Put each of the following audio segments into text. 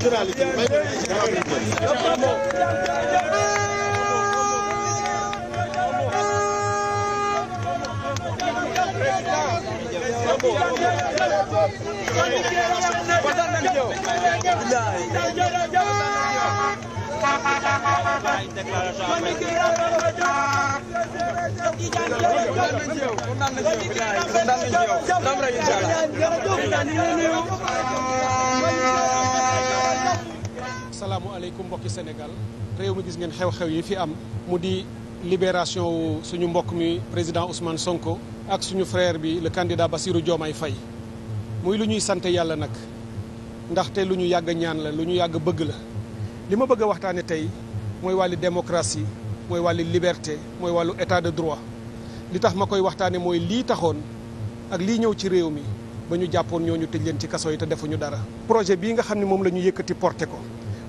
tëralisi may déclaration asalaamualeykum mbokki Sénégal réew mi gis ngeen xew-xew yi fi am mu di libération wu suñu mbokk mi président Ousmane Sonko ak suñu frère bi ba siiru Bassirou Diomaye fay muy lu ñuy sant yàlla nag ndaxte lu ñu yàgg ñaan la lu ñu yàgg bëgg la li ma bëgg a waxtaane tey mooy wàllu démocratie mooy wàllu liberté mooy wàllu état de droit li tax ma koy waxtaane mooy lii taxoon ak lii ñëw ci réew mi ba ñu jàppoon ñooñu tëj leen ci kaso yi te defuñu dara projet bii nga xam ne moom la ñu yëkkati porté ko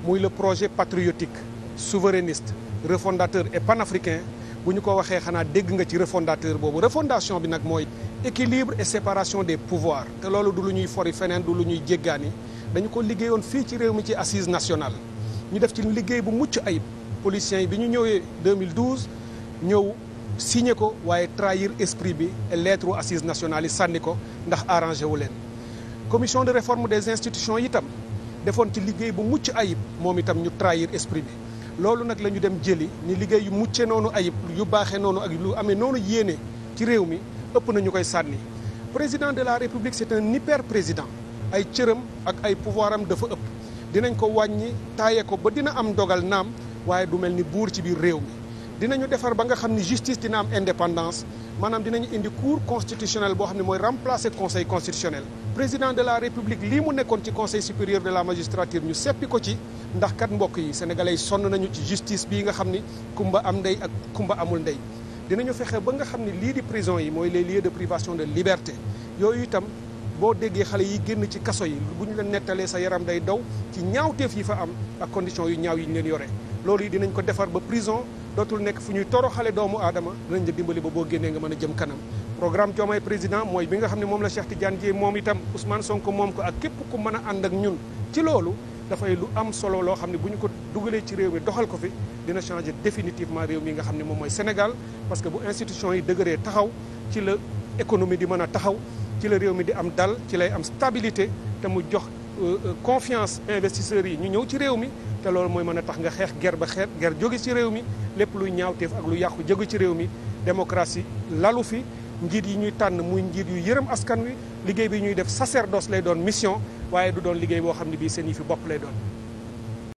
muy le projet patriotique souverainiste refondateur et panafricain bu ñu ko waxee xanaa dégg nga ci refondateur boobu refondation bi nag mooy équilibre et séparation des pouvoirs te loolu du lu ñuy fori feneen du lu ñuy jéggaani dañu ko liggéeyoon fii ci réew mi ci assise nationale ñu def ci liggéey bu mucc ayib policiers yi bi ñu ñëwee 2012 ñëw signé ko waaye trahir esprit bi et lettre assise nationale yi sànni ko ndax arrangé wu leen commission de réforme des institutions itam defoon ci liggéey bu mucc ayib moom itam ñu trahir esprit bi loolu nag la ñu dem jëli ni liggéey yu mucce noonu ayib yu baaxe noonu ak lu amee noonu yéene ci réew mi ëpp nañu koy sànni président de la république c'est un hyper président ay cëram ak ay pouvoir am dafa ëpp dinañ ko wàññi taaye ko ba dina am dogal naam waaye du mel ni buur ci biir réew mi dinañu defar ba nga xam ni justice dina am indépendance maanaam dinañu indi cour constitutionnelle boo xam ne mooy remplacer conseil constitutionnel président de la république lii mu nekkoon ci conseil supérieur de la magistrature ñu seppi ko ci ndax kat mbokk yi sénégalais sonn nañu ci justice bii nga xam ni kumba am ndey ak kumba amul ndey dinañu fexe ba nga xam ni lii di prison yi mooy les lieux de privation de liberté yooyu itam boo déggee xale yi génn ci kaso yi bu ñu leen nettalee sa yaram day daw ci ñaawteef yi fa am ak yu ñaaw yi ñu leen yore loolu yi ko defar ba prison dootul nekk fu ñuy toro toroxale doomu aadama dinañ la dimbali ba boo génnee nga mën a jëm kanam programme Diomaye président mooy bi nga xam ne moom la Cheikh Tidiane Dièye moom itam Ousmane Sonko moom ko ak képp ku mën a ànd ak ñun ci loolu dafay lu am solo loo xam ne bu ñu ko dugalee ci réew mi doxal ko fi dina changer définitivement réew mi nga xam ne moom mooy Sénégal parce que bu institution yi dëgëree taxaw ci la économie di mën a taxaw ci la réew mi di am dal ci lay am stabilité te mu jox Euh, euh, confiance investisseurs yi ñu ñëw ci réew mi te loolu mooy mën a tax nga xeex ger ba xeet ger jóge ci réew mi lépp luy ñaawteef ak lu yàqu jóge ci réew mi démocratie lalu fi njiit yi ñuy tànn muy njiit yu yërëm askan wi liggéey bi ñuy def sacerdoce lay doon mission waaye du doon liggéey boo xam ne bii seen yi fi bopp lay doon